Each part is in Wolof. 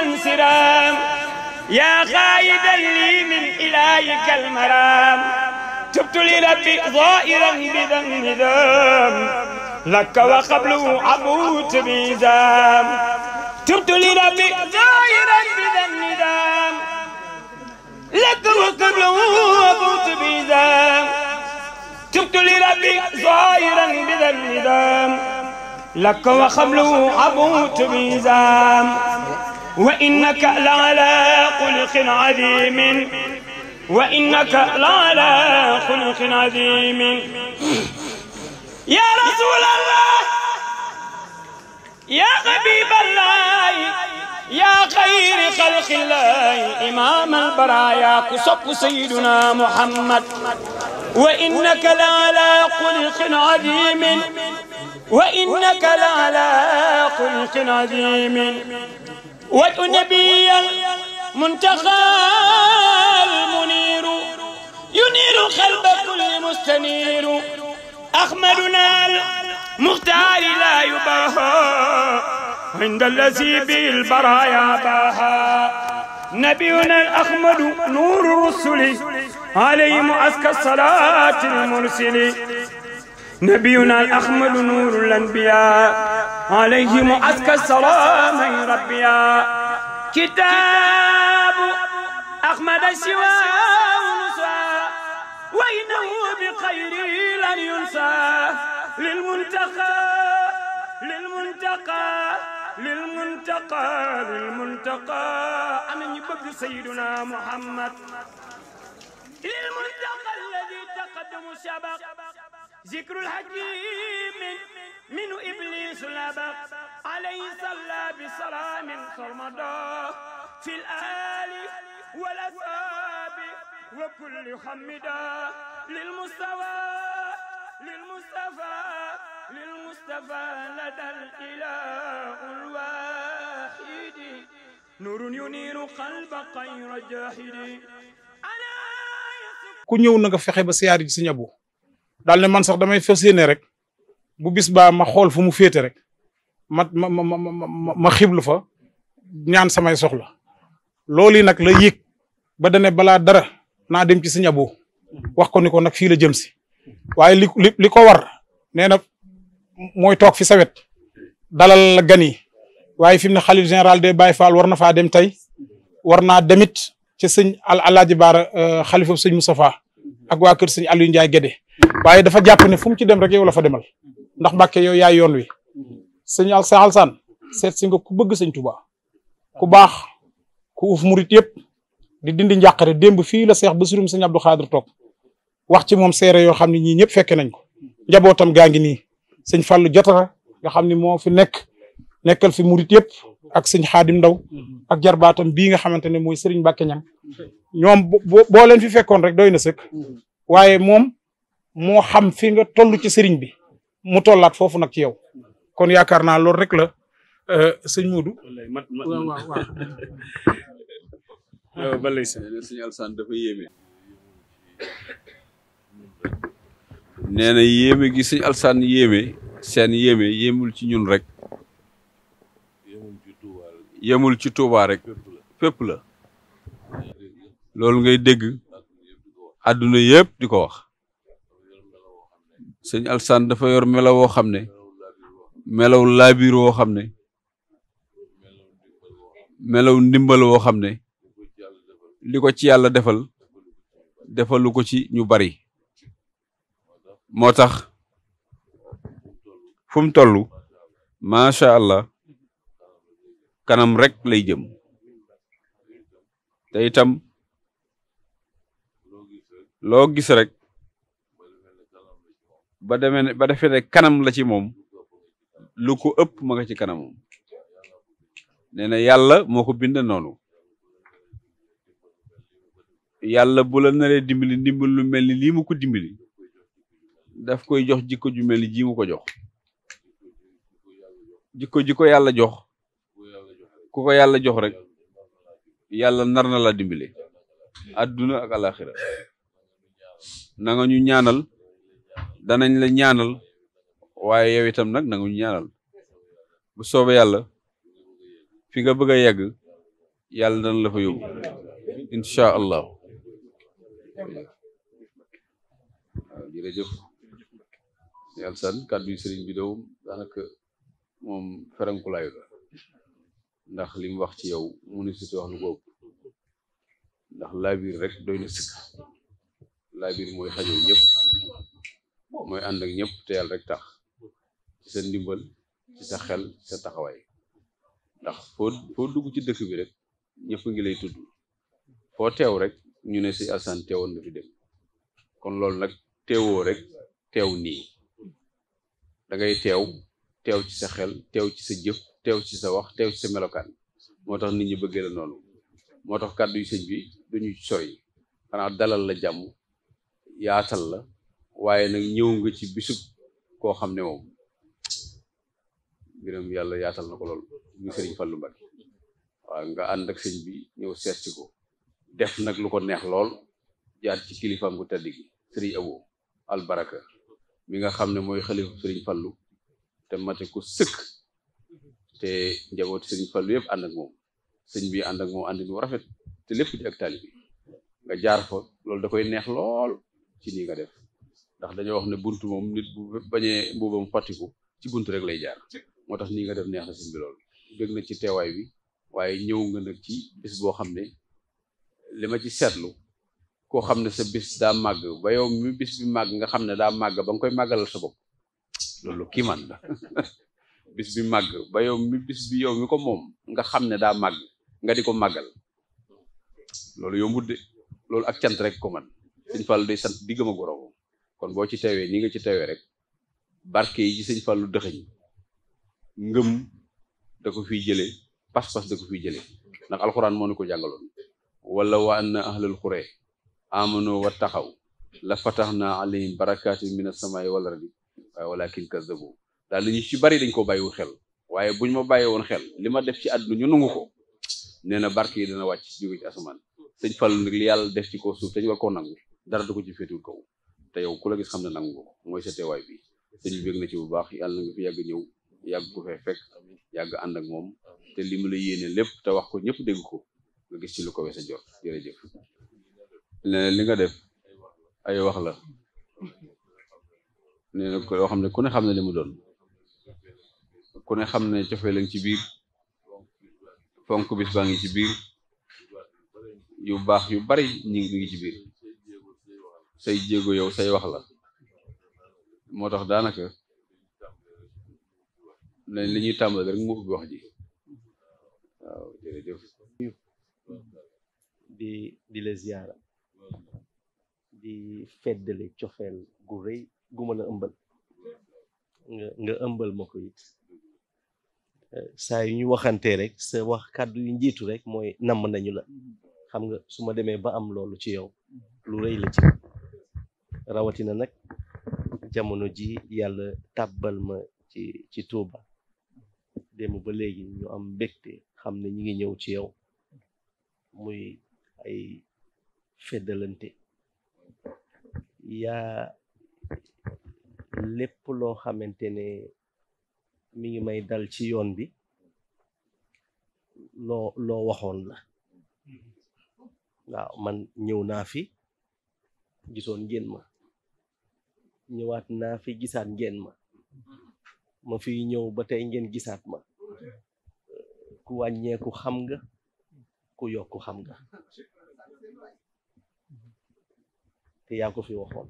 الانسرام يا قائدا لي من إلهك المرام تبت لربي ظائرا بذنب ذنب لك وقبله أموت بذنب تبت لربي ظائرا بذنب ذنب لك وقبله أموت بذنب تبت لربي ظائرا بذنب ذنب لك وقبله أموت بذنب وإنك لعلى خلق عظيم وإنك لعلى خلق عظيم يا رسول الله يا حبيب الله يا خير خلق الله إمام البرايا كسب سيدنا محمد وإنك لعلى خلق عظيم وإنك لعلى خلق عظيم وجه نبي المنتقى المنير ينير قلب كل مستنير أحمدنا المختار لا يباهى عند الذي بالبرايا باها نبينا الأحمد نور الرسل عليهم أزكى الصلاة المرسل نبينا الأحمد نور الأنبياء عليهم أزكى السلام ربيا كتاب أحمد سوى نسى وإنه بخير لن ينسى للمنتقى للمنتقى للمنتقى للمنتقى أنا يبقى سيدنا محمد للمنتقى الذي تقدم سبق ذكر الحكيم من إبليس لبق عليه صلى بسلام صرمدا في الآل والأسباب وكل حمدا للمستوى للمصطفى للمصطفى لدى الإله الواحد نور ينير قلب غير جاحد ku ñëw na nga fexe ba siyaar ji sëñ Abo daal ne man sax damay fas yéene rek bu bis baa ma xool fu mu féete rek ma ma ma ma ma xiblu fa ñaan samay soxla loolu yi nag la yéeg ba dane balaa dara naa dem ci sëñ Abo wax ko ko nag fii la jëm si waaye li li li ko war nee na mooy toog fi sawet dalal la gan yi waaye fi mu ne xalif général de Baye Fall war na faa dem tey war naa demit ci sëñ Alaaji Baara euh, xalifa sëñ Moustapha ak waa kër sëñ Aliou Ndiaye waaye dafa jàpp ne fu mu ci dem rek yow la fa demal ndax Mbàkke yooy yaay yoon wi sëñ Alsaan seet si nga ku bëgg sëñ tuba ku baax ku uf murit yëpp di dindi njàqare démb fii la seex Basirum sëñ Abdou Xaadir toog wax ci moom seere yoo xam ne ñii ñëpp fekke nañ ko njabootam gaa ngi nii sëñ Fàllu Jatara nga xam ne moo fi nekk nekkal fi murit yëpp ak sëñ Xaadim Ndaw ak jarbaatam bii nga xamante ne mooy sëriñ Mbàkke Ñaŋ ñoom boo leen fi fekkoon rek doy na sëkk moo xam fi nga toll ci sëriñ bi mu tollaat foofu nag ci yow kon yaakaar naa loolu rek la euh, sëñ Modou. waaw waaw waaw. ba lay sëñ Alsaan dafa seen yéeme yéemul ci ñun rek. yemul ci Touba rek fépp la loolu ngay dégg àdduna yëpp di ko wax sëñ Alsaan dafa yor melaw woo xam ne melaw laabiir woo xam ne melaw ndimbal woo xam ne li ko ci yàlla defal defalu ko ci ñu bari moo tax fu mu toll macha allah kanam rek lay jëm te loo gis rek ba demee ne ba defee ne kanam la ci moom lu ko ëpp ma nga ci kanam nee na yàlla moo ko bind noonu yàlla bu la dimbil dimbali lu mel ni lii mu ko dimbali daf koy jox jikko ju mel ni ji ko jox jikko ji ko yàlla jox ku ko yàlla jox rek yàlla nar na la dimbali àdduna alaxira na nga danañ la ñaanal waaye yow itam nag nanguñ ñaanal bu soobee yàlla fi nga bëgg a yegg yàlla dana la fa yóbbu incha allah jërëjëf yàlla san kàddu yi sëriñ bi dowum daanaka moom ferankulaayu la ndax li wax ci yow municité wax lu góob ndax laabir rek doy na sëkk laabir mooy xajow ñëpp mooy ànd ak ñëpp te rek tax ci sa ndimbal ci sa xel sa taxawaay ndax foo foo dugg ci dëkk bi rek ñëpp ngi lay tudd foo teew rek ñu ne si Assane teewoon na fi dem kon loolu nag teewoo rek teew nii dangay teew teew ci sa xel teew ci sa jëf teew ci sa wax teew ci sa melokaan moo tax nit ñi bëggee la noonu moo tax kàddu yu sëñ bi duñu sori xanaa dalal la jàmm yaatal la waaye nag ñëw nga ci bisub koo xam ne moom mbiram yàlla yaatal na ko lool ñu sëriñ Fallu Mbakke waaw nga ànd ak sëñ bi ñëw seet si ko def nag lu ko neex lool jaar ci kilifaam gu tedd gi sëriñ Abo albaraka mi nga xam ne mooy xalifa sëriñ Fallu te mate ko sëkk te njaboot sëriñ Fallu yëpp ànd ak moom sëñ bi ànd ak moom ànd bu rafet te lépp di ak taalibi nga jaar fo loolu da koy neex lool ci nii nga def ndax dañoo wax ne bunt moom nit bu bañee mbuubam fàttiku ci bunt rek lay jaar moo tax nii nga def neex na sëñ bi lool dégg na ci teewaay bi waaye ñëw nga nag ci bis boo xam ne li ma ci seetlu koo xam ne sa bis daa màgg ba yow mi bis bi màgg nga xam ne daa màgg ba koy màggalal sa bopp loolu kii man la bis bi màgg ba mi bi yow mi ko moom nga xam ne daa màgg nga di ko màggal loolu yombut de loolu ak cant rek ko man Sëñ Fall day sant diggam ak borom kon boo ci teewee ni nga ci teewee rek barke yi ci sëñ Fallou dëxëñ ngëm da ko fi jële pas-pas da ko fiy jële ndax alxuraan moo ni ko jàngaloon wala wa anna ahlal xuree amano wa taxaw la fataxna alayhim barakaati mina samaay wal ardi waaye walakin boobu daal li ñu ci bari dañ ko bàyyiwu xel waaye buñ ma bàyyi woon xel li ma def ci àdduna ñu nangu ko nee na barke yi dana wàcc jóge ci asamaan sëñ Fallou nag li yàlla def ci kaw suuf dañ war koo nangu dara ko ci kaw te yow ku la gis xam ne nangu ko mooy sa teewaay bi sëñ bi bëgg na ci bu baax yàlla na nga fi yàgg ñëw yàgg ko fee fekk yàgg ànd ak moom te li mu la yéene lépp te wax ko ñëpp dégg ko nga gis ci lu ko weesoo jot jërëjëf. nee li nga def ay wax la nee na ko xam ne ku ne xam ne li mu doon ku ne xam ne cofee lañ ci biir fonk bis baa ngi ci biir yu baax yu bari ñu ngi ci biir. say jéego yow say wax la moo tax daanaka nañ li ñuy tàmbali rek mu wax ji di di la ziyaara di feddale cofeel gu rëy gu la ëmbal nga nga ëmbal ma ko saa yu ñu waxantee rek sa wax kàddu yu njiitu rek mooy namm nañu la xam nga su ma demee ba am loolu ci yow lu rëy la ci rawatina nag jamono ji yàlla tàbbal ma ci ci Touba démb ba léegi ñu am mbégte xam ne ñu ngi ñëw ci yow muy ay feddalante yaa lépp loo xamante ne mu ngi may dal ci yoon bi loo loo waxoon la mm-hmm. waaw man ñëw naa fi gisoon ngeen ma ñëwaat naa fi gisaat ngeen ma ma fi ñëw ba tey ngeen gisaat ma ku wàññeeku xam nga ku yokku xam nga te yaa ko fi waxoon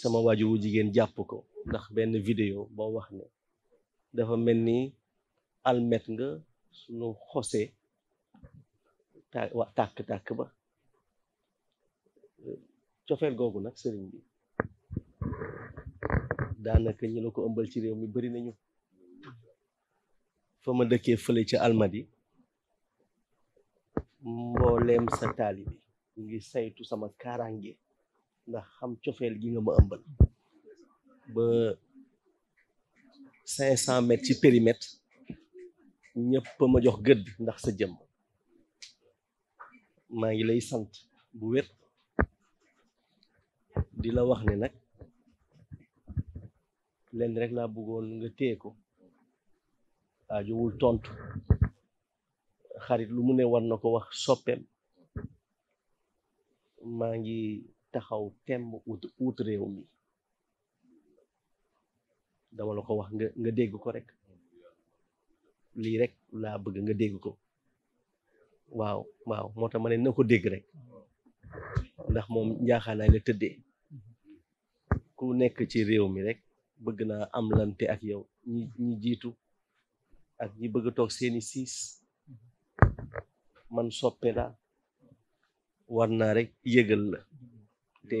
sama waajur wu jigéen jàpp ko ndax benn vidéo boo wax ne dafa mel ni almet nga sunu xose tàkk-tàkk ba cofeel googu nag sëriñ bi daanaka ñi la ko ëmbal ci réew mi bari nañu fa ma dëkkee fële ci almadi mbooleem sa taali bi ñu ngi saytu sama kaarange ndax xam cofeel gi nga ma ëmbal ba cinq cent mètres ci périmètre ñëpp ma jox gëdd ndax sa jëmm maa ngi lay sant bu wér di la wax ne nag leen rek laa bëggoon nga téye ko aajowul tontu xarit lu mu ne war na ko wax soppeem maa ngi taxaw temb ut ut réew mi dama la ko wax nga nga dégg ko rek lii rek laa bëgg nga dégg ko waaw waaw moo tax ma ne na ko dégg rek ndax moom njaaxaanaay la tëddee ku nekk ci réew mi rek bëgg naa am lante ak yow ñi ñi jiitu ak ñi bëgg toog seeni siis man soppe la war naa rek yëgal la te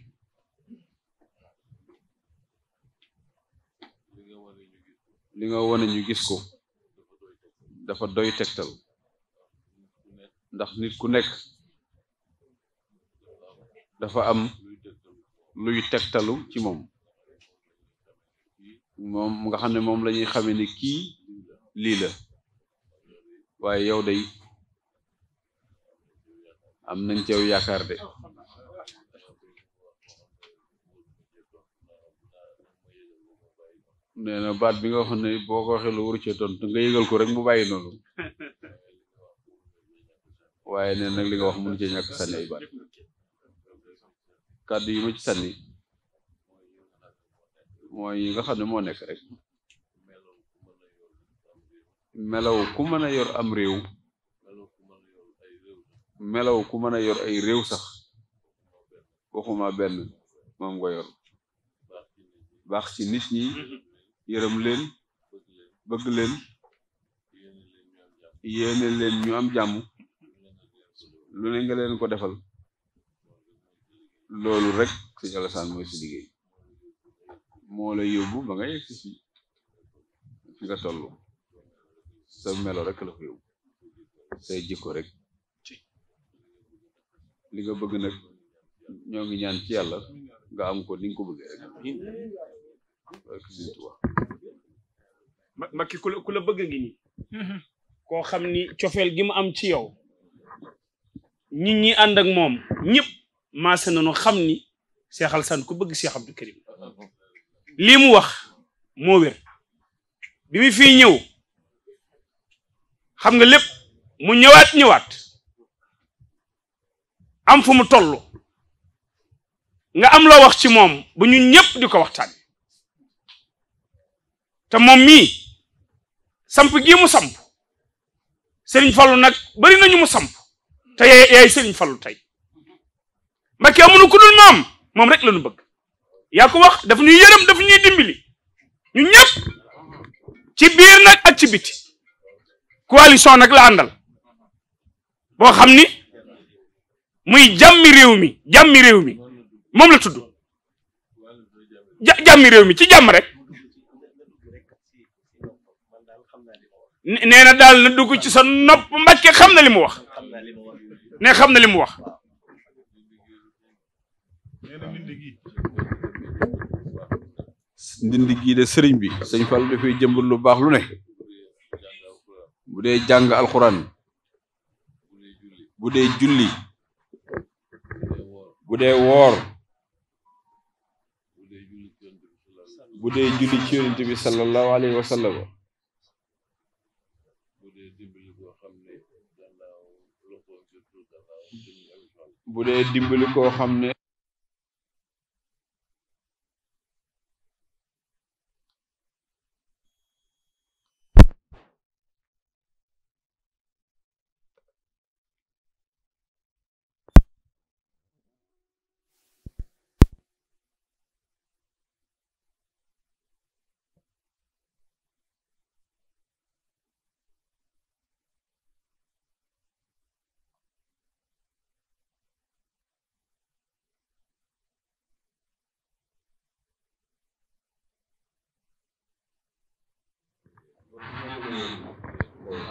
nga wane ñu gis ko dafa doy tegtal ndax nit ku nekk dafa am luy tegtalu ci moom moom nga xam ne moom la ñuy xamee ni kii lii la waaye yow day am nañ ci yow de nee na baat bi nga xam ne boo ko waxee lu wër cee tontu nga yëgal ko rek mu bàyyi noonu waaye nee nag li nga wax mënu cee ñàkk sànni ay baat kàddu yi ma ci sànni mooy yi nga xam ne moo nekk rek melaw ku mën a yor am réew melaw ku mën a yor ay réew sax waxuma benn moom nga yor baax ci nit ñi yërëm leen bëgg leen yéene leen ñu am jàmm lu nga leen ko defal loolu rek sëñ Alassane mooy si liggéey moo la ba nga yegg si nga toll sa melo rek la ko yóbbu say jikko rek li nga bëgg nag ñoo ngi ñaan ci yàlla nga am ko ni ko bëggee rek Macky ku bëgg ngi nii mm-hmm. koo xam ni cofeel gi mu am ci yow nit ñi ànd ak moom ñëpp maase nañu xam ni Cheikh Alassane ku bëgg Cheikh Abdou Karim lii mu wax moo wér bi mu fii ñëw xam nga lépp mu ñëwaat ñëwaat am fu mu toll nga am loo wax ci moom bu ñun ñëpp di ko waxtaan te moom mii samp gii mu samp sëriñ fallu nag bari nañu mu samp te yaay sëriñ fallu tey Mbàkke amunu ku dul maam moom rek lañu bëgg yaa ko wax daf ñuy yërëm daf ñuy dimbali ñu ñëpp ci nag ak ci biti coalition nag la àndal boo xam ni muy jàmmi réew mi jàmmi réew mi moom la tudd ja jàmmi réew mi ci jàmm rek nee na daal na dugg ci sa nopp Mbàkke xam na li mu wax ne xam na li mu wax ndindi gii de sëriñ bi sëñ Fall dafay jëmbal lu baax lu ne bu dee jàng alxuraan bu dee julli bu dee woor bu dee julli ci yonent bi sallallahu alayhi wa sallam dimbali koo xam ne gannaaw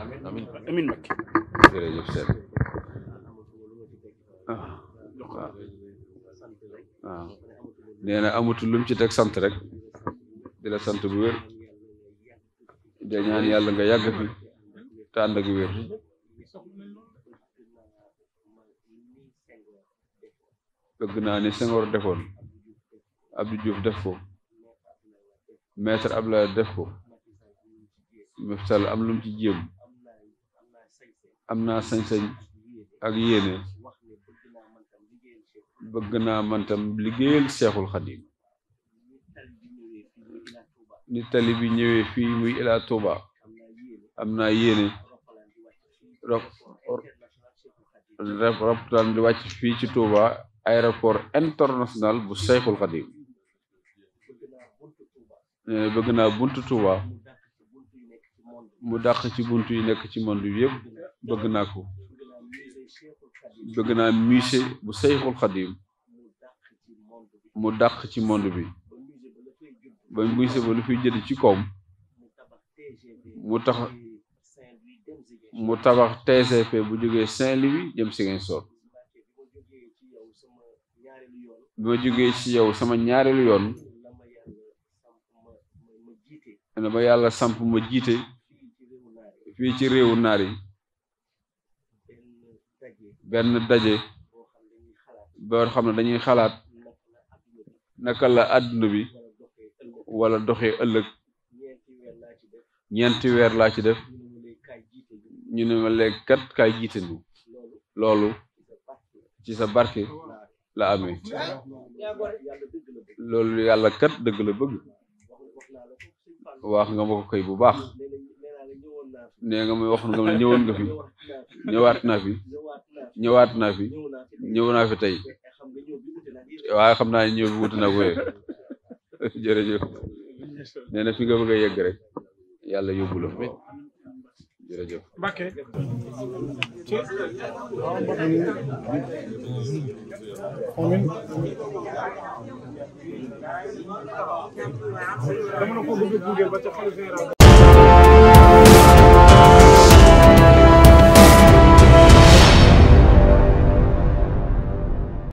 amiin amiin Mbacke. jërëjëf sëñ bi waaw waaw na amatul lu ci teg sant rek di la sant bu wér di ñaan yàlla nga yàgg fi te ànd ak wér. bëgg naa ni Senghor defoon Abdou Diouf def ko maître Abdoulaye def ko. meftal am lu ci jéem am naa sañ-sañ ak yéene bëgg naa mantam liggéeyal seexul xadim ni tali bi ñëwee fii muy ilaa Touba am naa yéene roptaan di wàcc fii ci Touba aéroport international bu seexul xadim bëgg naa buntu Touba mu dàq ci bunt yi nekk ci mond bi yëpp bëgg naa ko bëgg naa musée bu Seyxul Xadim mu dàq ci mond bi ba musée ba lu fiy jënd ci koom mu tax mu tabax TCP bu jógee Saint-Louis jëm Ziguinchor bi ma jógee ci yow sama ñaareelu yoon na ma yàlla samp ma jiite fii ci réewu naar yi benn daje boo xam ne dañuy xalaat naka la àdduna bi wala doxee ëllëg ñeenti weer laa ci def ñu ne ma léegi kat kaay jiite ñu loolu ci sa barke la amee loolu yàlla kat dëgg la bëgg wax nga ma ko koy bu baax nee nga may wax nga ma ñëwoon nga fi ñëwaat naa fi ñëwaat naa fi ñëw naa fi tey waaye xam na ñëw bi wuti na ko jërëjëf nee fi nga bëgg a yegg rek yàlla yóbbu la fa